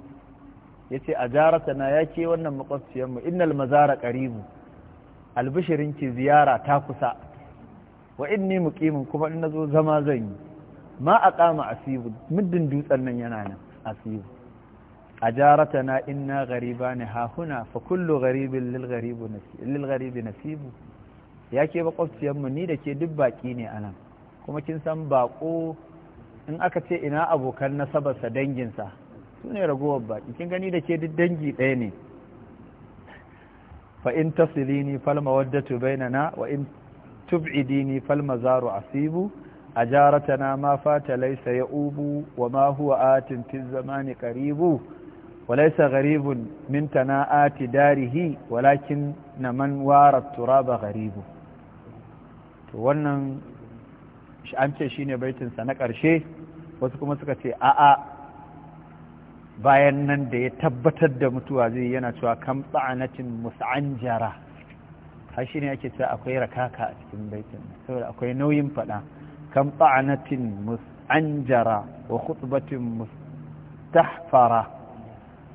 yace ya ke wannan makwabciyar mu innal mazara karibu albishirin ki ziyara ta kusa wa inni muqimun kuma in zo zama zan yi ma a kama asibu muddin dutsen nan yana nan asibu a jarata na inna gariba ne hahuna fa kullu garibin lilgaribi nasibu ya ke mu ni da ke duk baƙi ne anan kuma kin san baƙo in aka ce ina abokan nasabarsa danginsa su ne ragowar baki kin gani da ke duk dangi ɗaya ne fa in tasilini falma waddatu bainana wa in tub'idini falma zaru asibu ubu wa فات ليس يؤوب وما karibu, آت في الزمان minta na ati darihi, walakin na man wara turaba التراب to wannan an ce shine baitinsa na ƙarshe wasu kuma suka ce a'a bayan nan da ya tabbatar da mutuwa zai yana cewa kam musaan mus'anjara har shine ake cewa akwai rakaka a cikin baitin saboda akwai nauyin faɗa كم طعنة مسأنجرة وخطبة مستحفرة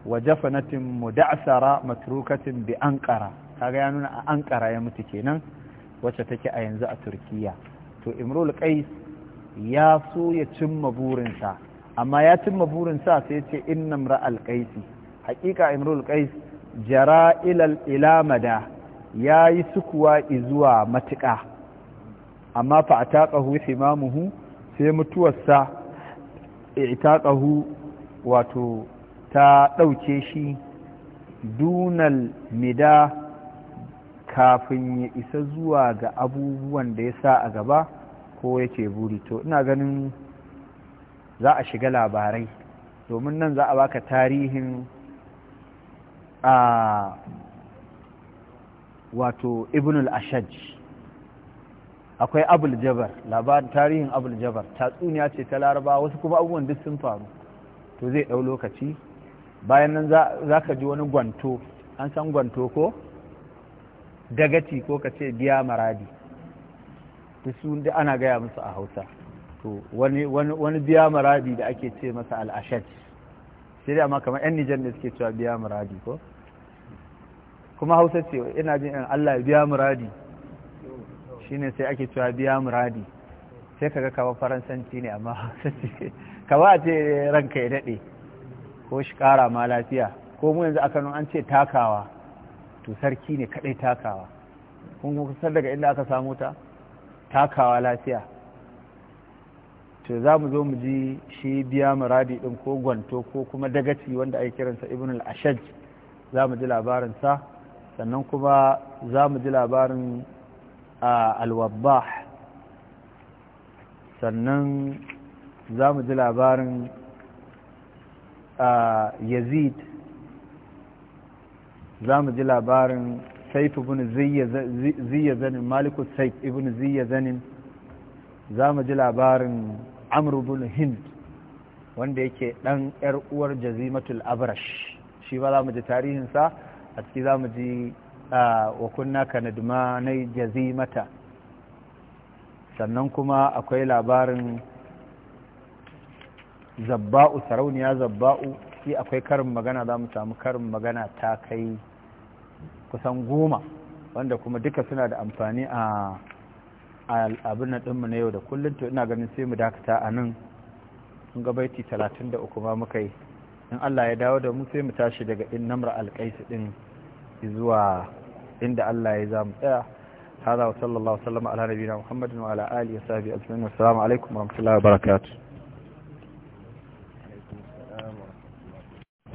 وجفنة مدعسرة متروكة بأنقرة kaga ya a ankara ya mutu kenan wacce take a yanzu a turkiya to imrul qais ya so ya cimma burinsa amma ya cimma burinsa sai ya ce inna alkaisi qaisi haƙiƙa imrul qais jara ilal ilamada ya yi kuwa izuwa matuƙa amma fa a hu himamuhu sai mutuwarsa hu wato ta ɗauke shi dunal mida kafin ya isa zuwa ga abubuwan da ya sa a gaba ko yake buri to ina ganin za a shiga labarai domin nan za a baka tarihin a wato ibn al-ashaj akwai abul jabar labarin tarihin abul jabar tatsuniya ce ta laraba wasu kuma abubuwan duk sun faru to zai ɗau lokaci bayan nan za ka ji wani gwanto an san gwanto ko dagaci ko ka ce biya maradi duk sun ana gaya musu a hausa to wani biya maradi da ake ce masa al'ashaj sai dai amma kamar yan nijar ne suke cewa biya maradi ko kuma hausa ce ina jin yan allah biya maradi shine sai ake cewa biya muradi sai kaga kawo faransanci ne amma hausanci kawa a ce ranka ya daɗe ko shi ƙara ma lafiya ko mu yanzu a kano an ce takawa to sarki ne kaɗai takawa kun kusan daga inda aka samu ta takawa lafiya to za mu zo mu ji shi biya muradi ɗin ko gwanto ko kuma dagaci wanda ake kiransa ibn al-ashaj za mu ji labarinsa sannan kuma za mu ji labarin alwabbah sannan za mu ji labarin yazid za mu ji labarin saif ibn ziyya zanin malikus saif ibn ziyya zanin za mu ji labarin amr ibn hind wanda yake ɗan 'yar uwar jazimatul abrash shi ba za mu ji tarihinsa a ciki za mu ji wa kunna kanadma na mata sannan kuma akwai labarin zabba'u sarauniya zabba'u shi akwai karin magana za mu samu karin magana ta kai kusan goma wanda kuma duka suna da amfani a abin na ɗinmu na yau da kullum to ina ganin sai mu dakata a nan sun gabaiti talatin da uku ma muka yi in allah ya dawo da mu sai mu tashi daga in namra alƙaisu ɗin zuwa inda Allah ya zamu tsaya hada wa sallallahu ala nabina muhammadin wa ala alihi wa sahbihi ajma'in assalamu alaikum wa rahmatullahi wa